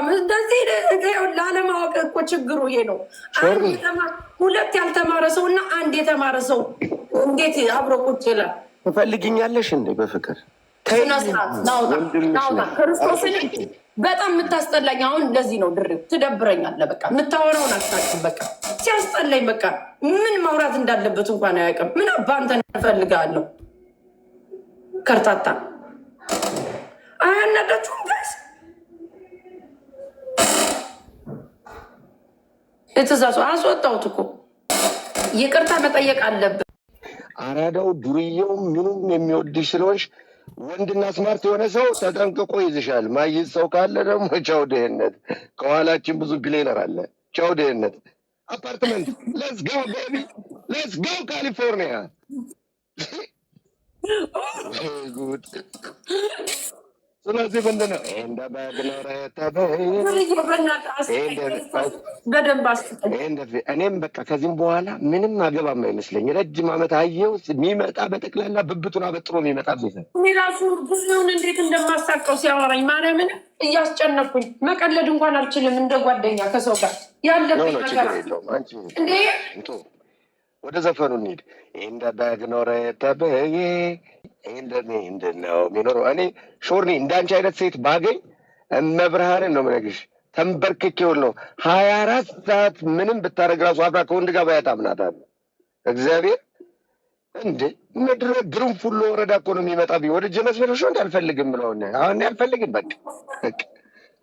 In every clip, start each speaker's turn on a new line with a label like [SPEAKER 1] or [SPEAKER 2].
[SPEAKER 1] አልገባም። እንደዚህ ላለማወቅ እኮ ችግሩ ይሄ ነው። ሁለት ያልተማረ ሰው እና አንድ የተማረ ሰው እንዴት አብሮ ቁጭ ይላል?
[SPEAKER 2] ትፈልግኛለሽ እንዴ? በፍቅር
[SPEAKER 1] ክርስቶስን በጣም የምታስጠላኝ አሁን እንደዚህ ነው። ድር ትደብረኛለህ። በቃ የምታወራውን አታውቅም። በቃ ሲያስጠላኝ በቃ ምን ማውራት እንዳለበት እንኳን አያውቅም። ምን አባንተ አንተን እፈልጋለሁ። ከርታታ አያናዳችሁም ጋይስ እትዛሱ አስወጣሁት እኮ ይቅርታ መጠየቅ አለብን።
[SPEAKER 2] አራዳው ዱርየው ምኑም የሚወድሽ ስለሆንሽ ወንድና ስማርት የሆነ ሰው ተጠንቅቆ ይዝሻል። ማይዝ ሰው ካለ ደግሞ ቻው ድህነት። ከኋላችን ብዙ ቢሊየነር አለ። ቻው ድህነት። አፓርትመንት ሌትስ ጎ ቤቢ ሌትስ ጎ ካሊፎርኒያ ስለዚህ ምንድን ነው እኔም በቃ ከዚህም በኋላ ምንም አገባም አይመስለኝ። ረጅም ዓመት አየው የሚመጣ በጠቅላላ ብብቱን አበጥሮ የሚመጣ ቤት
[SPEAKER 1] ራሱ ብዙውን እንዴት እንደማሳቀው ሲያወራኝ ማርያምን እያስጨነኩኝ መቀለድ እንኳን አልችልም። እንደ ጓደኛ ከሰው ጋር ያለብኝ ነገር እንዴ
[SPEAKER 2] ወደ ዘፈኑ እንሂድ። እንደ በግ ኖረ ተብዬ እንደኔ ነው የሚኖረው። እኔ ሾርኒ እንዳንቺ አይነት ሴት ባገኝ እመብርሃንን ነው የምነግርሽ። ተንበርክኬውን ነው ሀያ አራት ሰዓት ምንም ብታደረግ ራሱ አብራ ከወንድ ጋር ባያት አምናታለሁ። እግዚአብሔር እንደ ምድረ ግርንፉል ወረዳ እኮ ነው የሚመጣብኝ። ወደ ጀመስበረሾ እንዲ አልፈልግም ብለውን አሁን አልፈልግም በቃ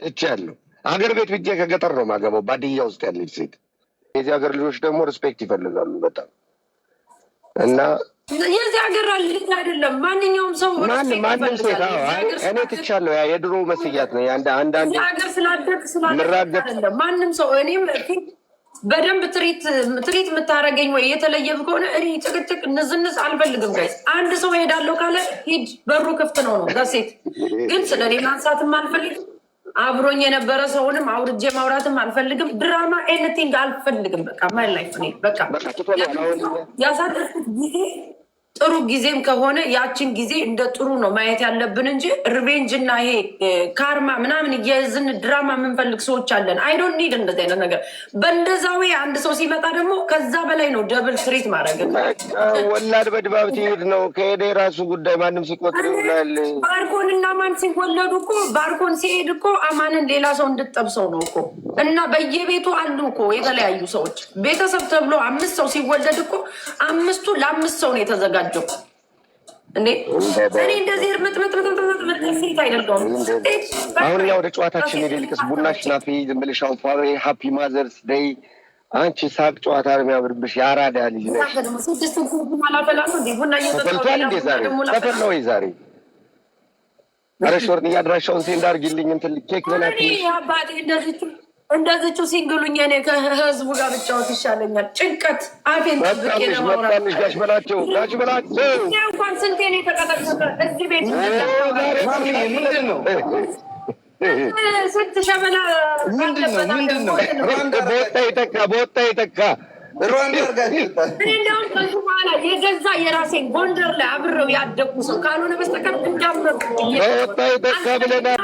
[SPEAKER 2] ትቻለሁ። አገር ቤት ብዬ ከገጠር ነው ማገባው ባድያ ውስጥ ያለች ሴት የዚህ ሀገር ልጆች ደግሞ ሪስፔክት ይፈልጋሉ በጣም እና
[SPEAKER 1] የዚህ ሀገር ልጅ አይደለም ማንኛውም ሰው
[SPEAKER 2] ማንም ሴት እኔ ትቻለሁ። ያ የድሮ መስያት ነው። አንዳንድ
[SPEAKER 1] ሀገር ስላደግ
[SPEAKER 2] ስላደግ
[SPEAKER 1] ማንም ሰው እኔም በደንብ ትሪት ትሪት የምታደርገኝ ወይ የተለየም ከሆነ እኔ ጭቅጭቅ ንዝንዝ አልፈልግም። ጋይስ አንድ ሰው ሄዳለሁ ካለ ሂድ፣ በሩ ክፍት ነው ነው ሴት ግን ስለ ስለኔ ማንሳትም አልፈልግም። አብሮኝ የነበረ ሰውንም አውርጄ ማውራትም አልፈልግም። ድራማ ኤኒቲንግ አልፈልግም። በቃ ማይ ላይፍ በቃ ያሳለፍኩት ጊዜ ጥሩ ጊዜም ከሆነ ያችን ጊዜ እንደ ጥሩ ነው ማየት ያለብን እንጂ ሪቬንጅ እና ይሄ ካርማ ምናምን እየዝን ድራማ የምንፈልግ ሰዎች አለን። አይ ዶንት ኒድ እንደዚህ አይነት ነገር። በእንደዛው አንድ ሰው ሲመጣ ደግሞ ከዛ በላይ ነው ደብል ስሪት ማድረግ።
[SPEAKER 2] ወላድ በድባብ ትሄድ ነው ከሄደ የራሱ ጉዳይ። ማንም ሲቆጥር
[SPEAKER 1] ባርኮን እና ማን ሲወለዱ እኮ ባርኮን ሲሄድ እኮ አማንን ሌላ ሰው እንድጠብሰው ነው እኮ እና በየቤቱ አሉ እኮ የተለያዩ ሰዎች። ቤተሰብ ተብሎ አምስት ሰው ሲወለድ እኮ አምስቱ ለአምስት ሰው ነው የተዘጋጀ የምወዳቸው። እንዴ እኔ እንደዚህ እርምጥምጥምጥምጥ ሴት አይደለሁም። አሁን እኛ ወደ ጨዋታችን ሄደ ልቅስ ቡና ሽናፊ ዝም ብለሽ ፋሬ ሀፒ ማዘርስ ደይ አንቺ ሳቅ ጨዋታ ነው የሚያምርብሽ። የአራዳ ልጅ ነሽ። እንዴ ዛሬ? ተፈል ነው ወይ ዛሬ? ኧረ ሾርንያ አድራሻውን ሴንድ አድርጊልኝ። እንትን ኬክ በላት እንደዚቹ ሲንግሉኛ እኔ ከህዝቡ ጋር ብጫወት ይሻለኛል። ጭንቀት አፌን ጠብቄ ለማውራት ጋሽ በላቸው ጋሽ በላቸው እንኳን ስንቴን የተቀጠቀጠ እዚህ ቤት ነው ስንት ሸበላ ምንድን በወጣ ይተካ በወጣ ይተካ የገዛ የራሴን ጎንደር ላይ አብረው ያደጉ ሰው ካልሆነ በስተቀር እንዳምረ በወጣ ይተካ ብለናል።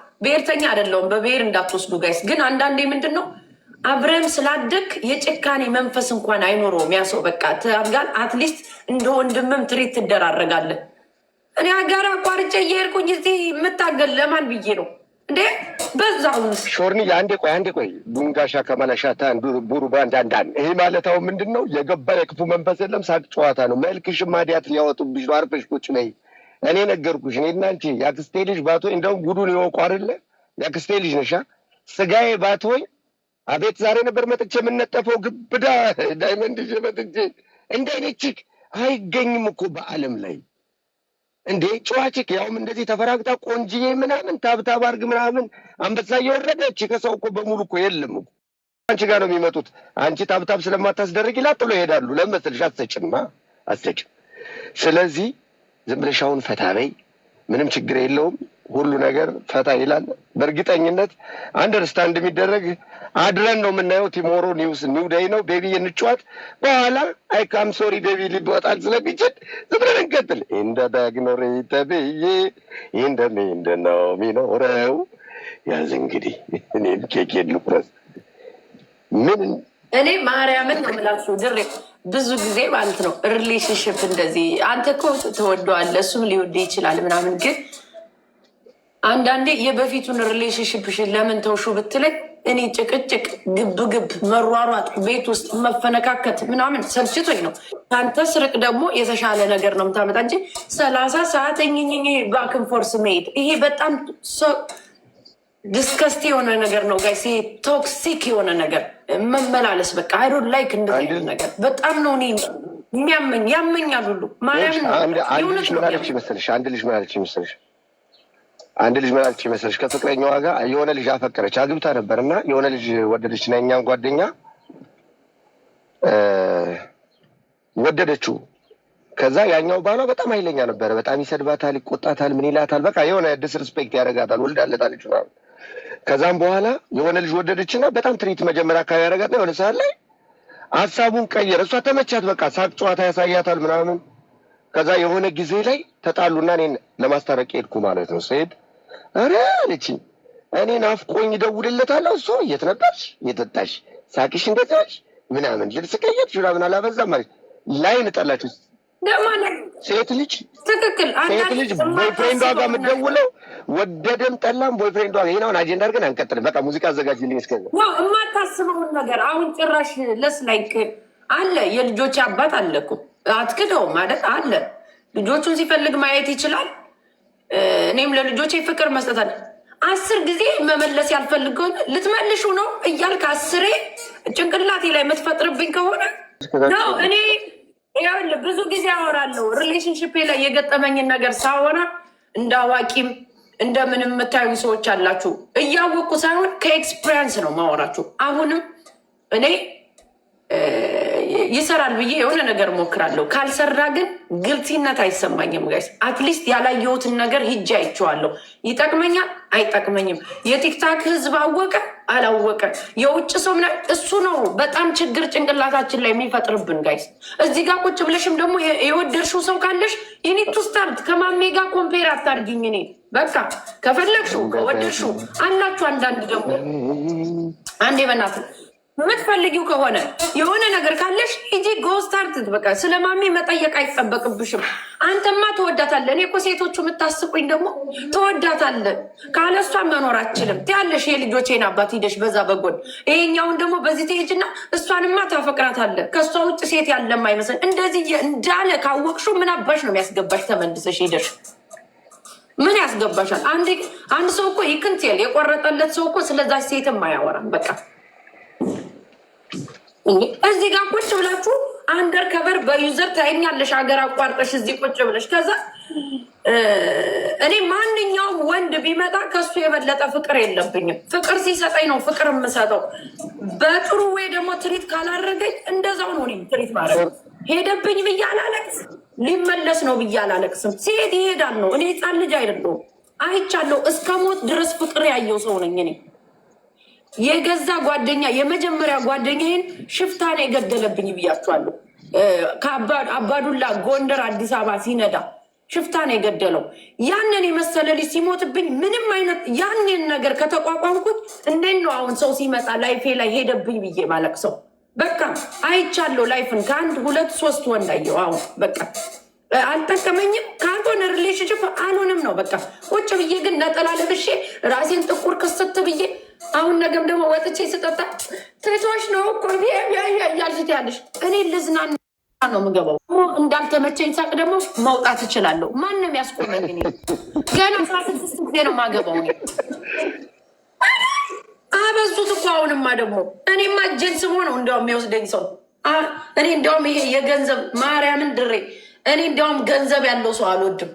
[SPEAKER 1] ብሔርተኛ አይደለውም። በብሔር እንዳትወስዱ ጋይስ። ግን አንዳንዴ ምንድን ነው አብረን ስላደግ የጭካኔ መንፈስ እንኳን አይኖረውም። ያሰው በቃ ትጋል አትሊስት እንደ ወንድምም ትሪት ትደራረጋለን። እኔ አጋር አቋርጬ እየሄድኩኝ እዚህ የምታገል ለማን ብዬ ነው እንዴ? በዛ ሾርኒ አንዴ ቆይ አንዴ ቆይ ቡንጋሻ ከመለሻታ ቡሩባ እንዳንዳን ይሄ ማለት አሁን ምንድን ነው የገባ የክፉ መንፈስ የለም። ሳቅ ጨዋታ ነው። መልክሽም ማዲያት ሊያወጡብሽ ነው። አርፈሽ ቁጭ ነይ እኔ ነገርኩሽ። እኔ እናንቺ የአክስቴ ልጅ ባትሆኝ እንደውም ጉዱን ይወቁ አይደለ? የአክስቴ ልጅ ነሻ። ስጋዬ ባትሆኝ አቤት ዛሬ ነበር መጥቼ የምነጠፈው ግብዳ ዳይመንድ ይዤ መጥቼ። እንደ አይነት ቺክ አይገኝም እኮ በዓለም ላይ እንዴ ጨዋችክ ያውም እንደዚህ ተፈራግጣ ቆንጅዬ ምናምን ታብታብ አርግ ምናምን አንበሳ እየወረደች ከሰው እኮ በሙሉ እኮ የለም እኮ አንቺ ጋር ነው የሚመጡት። አንቺ ታብታብ ስለማታስደረግ ይላጥ ብሎ ይሄዳሉ። ለምን መሰልሽ? አትሰጭማ አትሰጭም። ስለዚህ ዝም ብለሽ አሁን ፈታ በይ፣ ምንም ችግር የለውም ሁሉ ነገር ፈታ ይላል። በእርግጠኝነት አንደርስታንድ የሚደረግ አድረን ነው የምናየው። ቲሞሮ ኒውስ ኒው ዴይ ነው። ቤቢ እንጫዋት በኋላ አይ ካም ሶሪ ቤቢ ሊወጣል ስለሚችል ዝም ብለን እንቀጥል። እንደ ዳግኖሬ ተብዬ እንደሜ ነው ሚኖረው ያዝ እንግዲህ እኔም ኬኬ ልቁረስ ምን እኔ ማርያምን ነው የምላችሁ ድሬ ብዙ ጊዜ ማለት ነው ሪሌሽንሽፕ እንደዚህ አንተ እኮ ተወደዋለ እሱም ሊወደ ይችላል ምናምን፣ ግን አንዳንዴ የበፊቱን ሪሌሽንሽፕሽን ለምን ተውሹ ብትለኝ እኔ ጭቅጭቅ፣ ግብግብ፣ መሯሯጥ፣ ቤት ውስጥ መፈነካከት ምናምን ሰልችቶኝ ነው። ከአንተ ስርቅ ደግሞ የተሻለ ነገር ነው የምታመጣ እንጂ ሰላሳ ሰዓት እኝኝኝ ባክንፎርስ መሄድ ይሄ በጣም ዲስከስቲ የሆነ ነገር ነው ጋይ ቶክሲክ የሆነ ነገር መመላለስ በቃ አይዶን ላይክ እንደዚህ ነገር በጣም ነው እኔ የሚያመኝ ያመኛል ሁሉ ማርያም አንድ ልጅ ምን አለች ይመስልሽ አንድ ልጅ ምን አለች ይመስልሽ አንድ ከፍቅረኛዋ ጋር የሆነ ልጅ አፈቀረች አግብታ ነበር እና የሆነ ልጅ ወደደች እና የእኛም ጓደኛ ወደደችው ከዛ ያኛው ባሏ በጣም ኃይለኛ ነበረ በጣም ይሰድባታል ይቆጣታል ምን ይላታል በቃ የሆነ ዲስርስፔክት ያደርጋታል ወልዳለታል ይችላል ከዛም በኋላ የሆነ ልጅ ወደደችና በጣም ትሪት መጀመሪያ አካባቢ ያደረጋት የሆነ ሰዓት ላይ ሀሳቡን ቀየር። እሷ ተመቻት፣ በቃ ሳቅ ጨዋታ ያሳያታል ምናምን። ከዛ የሆነ ጊዜ ላይ ተጣሉና እኔን ለማስታረቅ ሄድኩ ማለት ነው። ስሄድ ኧረ አለችኝ እኔ ናፍቆኝ ደውልለታለሁ። እሱ የት ነበርሽ? የጠጣሽ ሳቅሽ እንደዚች ምናምን ልብስ ቀየርሽ ምናምን አላበዛም ማለት ላይን ጠላችሁ ሴት ልጅ ሴት ልጅ ቦይፍሬንዷ ጋር የምትደውለው ወደደም ጠላም ቦይፍሬንዷ ጋር ይሄን አጀንዳ አድርገን አንቀጥልም። በቃ ሙዚቃ አዘጋጅልኝ። እስከ የማታስበውን ነገር አሁን ጭራሽ ለስ ላይክ አለ የልጆች አባት አለ እኮ አትክደው ማለት አለ ልጆቹን ሲፈልግ ማየት ይችላል። እኔም ለልጆቼ ፍቅር መስጠታል። አስር ጊዜ መመለስ ያልፈልገውን ልትመልሹ ነው እያልክ አስሬ ጭንቅላቴ ላይ የምትፈጥርብኝ ከሆነ እኔ ይኸውልህ ብዙ ጊዜ አወራለሁ ሪሌሽንሽፕ ላይ የገጠመኝን ነገር ሳወራ እንደ አዋቂም እንደምንም የምታዩ ሰዎች አላችሁ። እያወቁ ሳይሆን ከኤክስፒሪንስ ነው ማወራችሁ። አሁንም እኔ ይሰራል ብዬ የሆነ ነገር ሞክራለሁ። ካልሰራ ግን ግልጽነት አይሰማኝም ጋይስ። አትሊስት ያላየሁትን ነገር ሂጄ አይቼዋለሁ። ይጠቅመኛል አይጠቅመኝም። የቲክታክ ህዝብ አወቀ አላወቀ የውጭ ሰው ምና እሱ ነው በጣም ችግር ጭንቅላታችን ላይ የሚፈጥርብን ጋይስ። እዚህ ጋር ቁጭ ብለሽም ደግሞ የወደድሽው ሰው ካለሽ ኢኒቱ ስታርት ከማሜ ጋር ኮምፔር አታርጊኝ። እኔ በቃ ከፈለግሽው ከወደድሽው አላችሁ። አንዳንድ ደግሞ አንዴ በናት የምትፈልጊው ከሆነ የሆነ ነገር ካለሽ ሂጂ ጎስታርት በቃ ስለ ማሜ መጠየቅ አይጠበቅብሽም። አንተማ ትወዳታለህ። እኔ እኮ ሴቶቹ የምታስቁኝ ደግሞ ትወዳታለህ፣ ካለሷ መኖር አችልም ትያለሽ። የልጆቼን አባት ሂደሽ በዛ በጎን ይሄኛውን ደግሞ በዚህ ትሄጅና እሷንማ ታፈቅራታለህ፣ ከእሷ ውጭ ሴት ያለም አይመስል እንደዚህ እንዳለ ካወቅሹ ምን አባሽ ነው የሚያስገባሽ? ተመልሰሽ ሂደሽ ምን ያስገባሻል? አንድ ሰው እኮ ይክንትል የቆረጠለት ሰው እኮ ስለዛ ሴትም አያወራም በቃ እዚህ ጋር ቁጭ ብላችሁ አንደር ከበር በዩዘር ታይኛለሽ፣ ሀገር አቋርጠሽ እዚህ ቁጭ ብለሽ ከዛ እኔ ማንኛውም ወንድ ቢመጣ ከሱ የበለጠ ፍቅር የለብኝም። ፍቅር ሲሰጠኝ ነው ፍቅር የምሰጠው። በጥሩ ወይ ደግሞ ትሪት ካላረገኝ እንደዛው ነው እኔም ትሪት ማድረግ። ሄደብኝ ብዬ ሊመለስ ነው ብዬ አላለቅስም። ሲሄድ ይሄዳል ነው። እኔ ህፃን ልጅ አይደለሁም። አይቻለሁ። እስከ ሞት ድረስ ፍቅር ያየው ሰው ነኝ እኔ። የገዛ ጓደኛ የመጀመሪያ ጓደኛዬን ሽፍታ ነው የገደለብኝ ብያቸዋለሁ። አባዱላ ጎንደር አዲስ አበባ ሲነዳ ሽፍታ ነው የገደለው። ያንን የመሰለ ልጅ ሲሞትብኝ ምንም አይነት ያንን ነገር ከተቋቋምኩት እንዴት ነው አሁን ሰው ሲመጣ ላይፌ ላይ ሄደብኝ ብዬ ማለቅ ሰው በቃ አይቻለሁ። ላይፍን ከአንድ ሁለት ሶስት ወንድ አየሁ። አሁን በቃ አልጠቀመኝም። ካልሆነ ሪሌሽንሽፕ አልሆንም ነው በቃ ቁጭ ብዬ ግን ነጠላ ለብሼ ራሴን ጥቁር ክስት ብዬ አሁን ነገም ደግሞ ወጥቼ ስጠጣ ሴቶች ነው እኮ ያልሽት ያለሽ እኔ ልዝናና ነው የምገባው። እንዳልተመቸኝ ሳቅ ደግሞ መውጣት እችላለሁ። ማንም ያስቆመኝ ገና አስራ ስድስት ጊዜ ነው የማገባው። አበዙት እኮ አሁንማ ደግሞ እኔማ ጅል ስሞ ነው እንዲያውም የሚወስደኝ ሰው። እኔ እንዲያውም ይሄ የገንዘብ ማርያምን ድሬ እኔ እንዲያውም ገንዘብ ያለው ሰው አልወድም።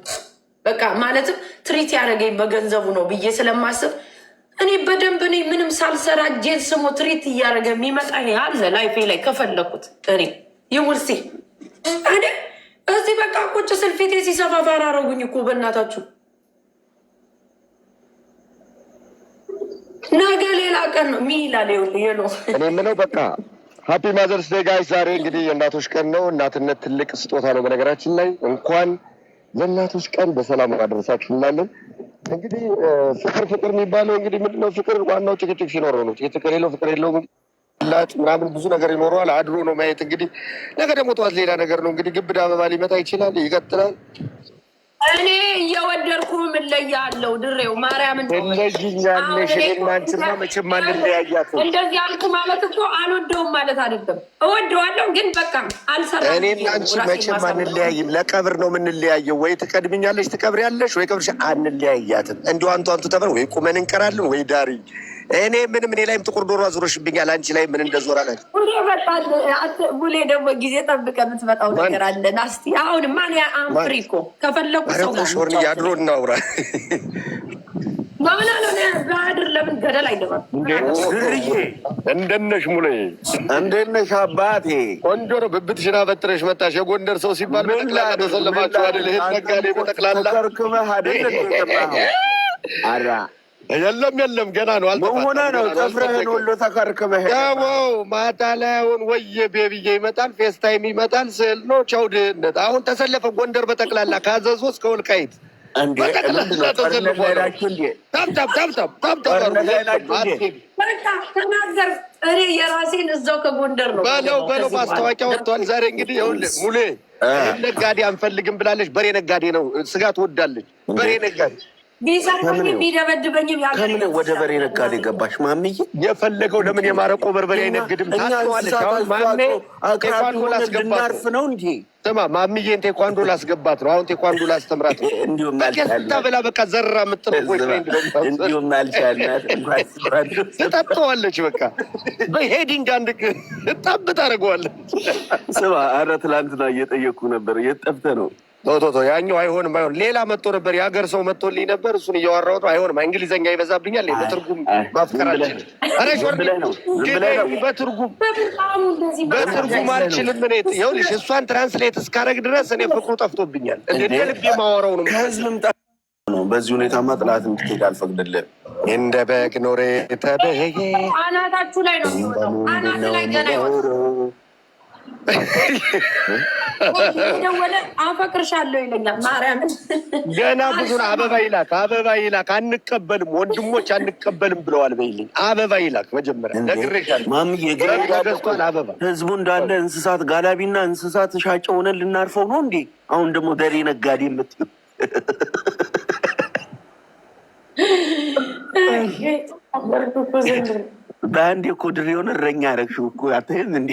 [SPEAKER 1] በቃ ማለትም ትሪት ያደረገኝ በገንዘቡ ነው ብዬ ስለማስብ እኔ በደንብ እኔ ምንም ሳልሰራ ጄን ስሞ ትሪት እያደረገ የሚመጣ አለ ላይፌ ላይ ከፈለኩት እኔ ይውልሲ አደ እዚህ በቃ ቁጭ ስልፊቴ ሲሰፋ ፋራ አረጉኝ እኮ በእናታችሁ። ነገ ሌላ ቀን ነው ሚላል ይሄ ነው እኔ የምለው በቃ ሀፒ ማዘርስ ዴይ ጋይ። ዛሬ እንግዲህ የእናቶች ቀን ነው። እናትነት ትልቅ ስጦታ ነው። በነገራችን ላይ እንኳን ለእናቶች ቀን በሰላም አደረሳችሁ እንላለን። እንግዲህ ፍቅር ፍቅር የሚባለው እንግዲህ ምንድነው? ፍቅር ዋናው ጭቅጭቅ ሲኖረው ነው። ጭቅጭቅ የሌለው ፍቅር የለውም። ላጭ ምናምን ብዙ ነገር ይኖረዋል። አድሮ ነው ማየት እንግዲህ። ነገ ደግሞ ጠዋት ሌላ ነገር ነው እንግዲህ። ግብድ አበባ ሊመጣ ይችላል። ይቀጥላል። እኔ እየወደድኩ ምለያለው ድሬው ማርያም እንደለይኛለሽ። እናንትማ መቼም እንደዚህ አልኩ ማለት እኮ አልወደውም ማለት አይደለም፣ እወደዋለሁ ግን በቃ አልሰራ። እኔ መቼም አንለያይም። ለቀብር ነው የምንለያየው። ወይ ትቀብሪያለሽ፣ ወይ ቀብርሽ። አንለያያትም። እንዲሁ አንቱ አንቱ ወይ ቁመን እንቀራለን ወይ ዳሪ እኔ ምንም እኔ ላይም ጥቁር ዶሮ አዙረሽብኛል። አንቺ ላይ ምን እንደዞር አለ ቡሌ ደግሞ ጊዜ ጠብቀ የምትመጣው ነገር አለን። አስቲ አሁን ማን አንፍሪ እኮ ከፈለኩ ሰውሾር ያድሮ እናውራ። እንደነሽ ሙሌ እንደነሽ አባቴ ቆንጆ ነው። ብብትሽን አበጥረሽ መጣሽ። የጎንደር ሰው ሲባል በጠቅላ ተሰለማችሁ አይደል? ይሄን ነጋዴ በጠቅላላ ከርክመህ አይደል? ኧረ የለም የለም፣ ገና ነው። አልሆነ ነው። ጥፍርህን ሁሉ ተከርክመህ ማታ ላይ አሁን ወየ ቤብዬ ይመጣል፣ ፌስታይም ይመጣል፣ ስዕል ነው። ቻው ድህነት። አሁን ተሰለፈ ጎንደር በጠቅላላ ካዘዞ እስከ ወልቃይት በለው በለው። ማስታወቂያ ወጥቷል ዛሬ እንግዲህ ሙሌ ነጋዴ አንፈልግም ብላለች። በሬ ነጋዴ ነው ወዳለች በሬ ነጋዴ ከምን ወደ በሬ ነጋዴ ገባሽ? ማምዬ የፈለገው ለምን የማረቆ በርበሬ አይነግድም? ታስዋለችሁንድናርፍ ነው እንዲ ስማ፣ ማምዬን ቴኳንዶ ላስገባት ነው አሁን። ቴኳንዶ ላስተምራት ነው። ስታበላ በቃ ዘራ የምትልእንዲሁም ትጠጣዋለች። በቃ በሄዲንግ አንድ ጣብ ታደርገዋለች። ስማ፣ ኧረ ትላንትና እየጠየኩ ነበር የት ጠፍተህ ነው ቶቶቶ ያኛው አይሆንም አይሆን ሌላ መጥቶ ነበር የሀገር ሰው መጥቶልኝ ነበር። እሱን እያወራሁት ነው። አይሆንም እንግሊዘኛ ይበዛብኛል። በትርጉም ማፍቀራችን በትርጉም አልችልም። እኔ ይኸውልሽ እሷን ትራንስሌት እስካረግ ድረስ እኔ ፍቅሩ ጠፍቶብኛል። እንደ ልብ የማወራው ነው። ከህዝብም ነው በዚህ ሁኔታ ማጥላት እንድትሄድ አልፈቅድልህም። እንደ በግ ኖሬ ተበየ አናታችሁ ላይ ነው ሚወጣው አናት ላይ ገና ይወጣ የደወለ አፈቅርሻለሁ ይለኛል። ማርያምን ገና ብዙ አበባ ይላክ፣ አበባ ይላክ። አንቀበልም ወንድሞች አንቀበልም ብለዋል። በይልኝ አበባ ይላክ። መጀመሪያ ነግሬሻለሁ። አበባ ህዝቡ እንዳለ እንስሳት ጋላቢና እንስሳት ሻጭ ሆነን ልናርፈው ነው እንዴ? አሁን ደግሞ ደሬ ነጋዴ የምትይው በአንድ እኮ ድሬውን እረኛ ያረግሽው እኮ ያተይም እንዴ?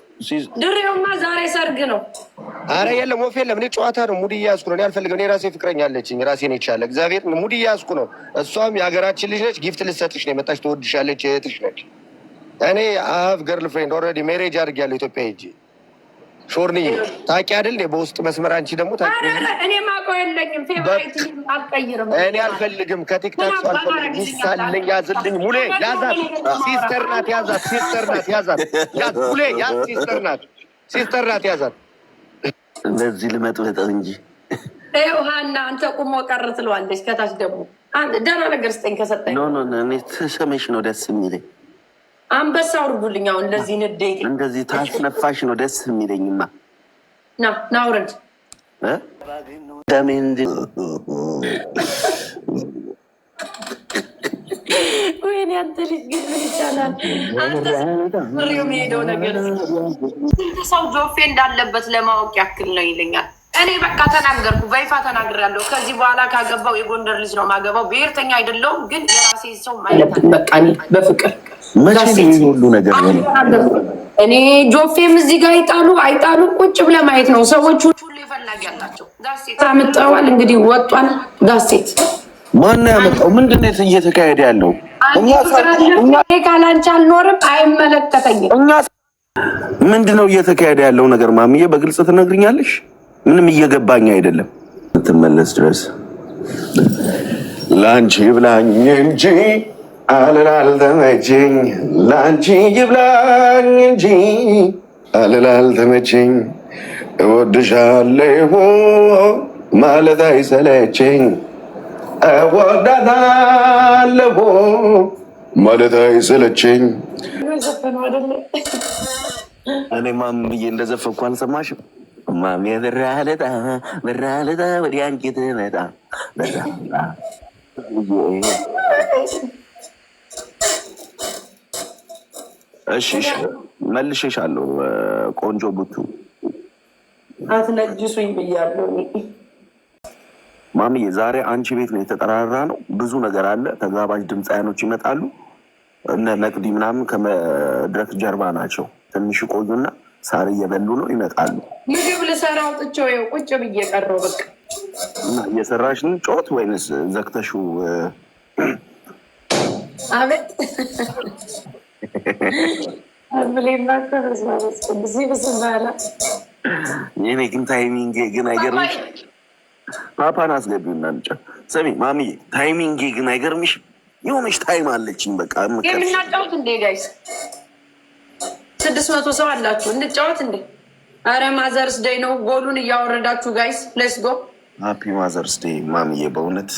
[SPEAKER 1] ድሬውማ ዛሬ ሰርግ ነው። አረ የለም ወፍ የለም። እኔ ጨዋታ ነው። ሙድ እያያዝኩ ነው። እኔ አልፈልግም። እኔ ራሴ ፍቅረኛ አለችኝ። ራሴን ይቻለ እግዚአብሔር ሙድ እያያዝኩ ነው። እሷም የሀገራችን ልጅ ነች። ጊፍት ልሰጥሽ ነው የመጣች። ትወድሻለች። እህትሽ ነች። እኔ አሀፍ ገርል ፍሬንድ ኦልሬዲ ሜሬጅ አድርጌያለሁ ኢትዮጵያ ሄጄ ሾርኒ ታውቂ አይደል? በውስጥ መስመር አንቺ ደግሞ እኔ ማቆ የለኝም። ፌቨራይት አልቀይርም። እኔ አልፈልግም። ከቲክታክ ሰው አልፈልግም። ይሳለኝ፣ ያዝልኝ። ሙሌ ያዛት። ሲስተር ናት፣ ያዛት። ሲስተር ናት፣ ያዛት። ሙሌ፣ ያ ሲስተር ናት፣ ሲስተር ናት፣ ያዛት። ለዚህ ልመጥበጥ እንጂ ውሃና አንተ ቁሞ ቀር ትለዋለች። ከታች ደግሞ ደህና ነገር ስጠኝ። ከሰጠኝ ኖ ኖ፣ እኔ ተሰመሽ ነው ደስ የሚለኝ አንበሳ አውርዱልኝ። አሁን እንደዚህ ንዴት እንደዚህ ታስነፋሽ ነው ደስ የሚለኝማ። ና ና አውረድ ወይኔ አንተ ልጅ ግን ይቻላል። አንተሪው የሄደው ነገር ሰው ጆፌ እንዳለበት ለማወቅ ያክል ነው ይለኛል። እኔ በቃ ተናገርኩ፣ በይፋ ተናግሬያለሁ። ከዚህ በኋላ ካገባው የጎንደር ልጅ ነው ማገባው። ብሔርተኛ አይደለውም ግን የራሴ ሰው ማለት በቃ በፍቅር መቼ ነው ሁሉ ነገር እኔ ጆፌም እዚህ ጋር ይጣሉ አይጣሉ ቁጭ ብለህ ማየት ነው። ሰዎች ሁሉ የፈላጊ ያላቸው ዳሴት አመጣዋል። እንግዲህ ወጧል። ዳሴት ማነው ያመጣው? ምንድን ነው እየተካሄደ ያለው? እኛ ካላንቺ አልኖርም፣ አይመለከተኝም። ምንድን ነው እየተካሄደ ያለው ነገር ማምዬ በግልጽ ትነግርኛለሽ? ምንም እየገባኝ አይደለም። ትመለስ ድረስ ለአንቺ ብላኝ እንጂ አልላልተመችኝ ለአንቺ ይብላኝ እንጂ አልላልተመችኝ እወድሻለሁ ማለት አይሰለችኝ እወዳታለሁ ማለት አይሰለችኝ። እኔ ማም እንደዘፈኩ አልሰማሽም? ማሜ ብራለጣ ብራለጣ ወዲያ አንቺ ትመጣ እሺ መልሼሻለሁ። ቆንጆ ቡቱ አትነጅሱኝ ብያለሁ። ማሚዬ ዛሬ አንቺ ቤት ነው የተጠራራ ነው። ብዙ ነገር አለ። ተጋባዥ ድምፃያኖች ይመጣሉ። እነ ነቅዲ ምናምን ከመድረክ ጀርባ ናቸው። ትንሽ ቆዩና ሳር እየበሉ ነው ይመጣሉ። ምግብ ልሰራ አውጥቼው ይኸው ቁጭ ብዬ ቀረው። በቃ እየሰራሽ ነው ጮት ወይንስ ዘግተሽው? አቤት የኔ ግን ታይሚንግ ግን አይገርም። ፓፓን አስገቢው እናንጫ ሰሚ ማሚ ታይሚንግ ግን አይገርምሽ? የሆነች ታይም አለችኝ። በቃ የምናጫወት እንዴ ጋይስ፣ ስድስት መቶ ሰው አላችሁ እንጫወት እንዴ። አረ ማዘርስ ደይ ነው፣ ጎሉን እያወረዳችሁ ጋይስ፣ ሌስ ጎ። ሃፒ ማዘርስ ደይ ማሚዬ፣ በእውነት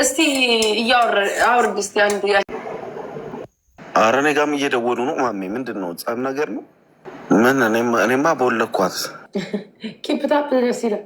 [SPEAKER 1] እስቲ አውርድ እስቲ አንዱ ያ ኧረ እኔ ጋርም እየደወሉ ነው። ማሜ ምንድን ነው ጻም ነገር ነው ምን? እኔማ በወለኳት ኪፕታፕ ደስ ይላል።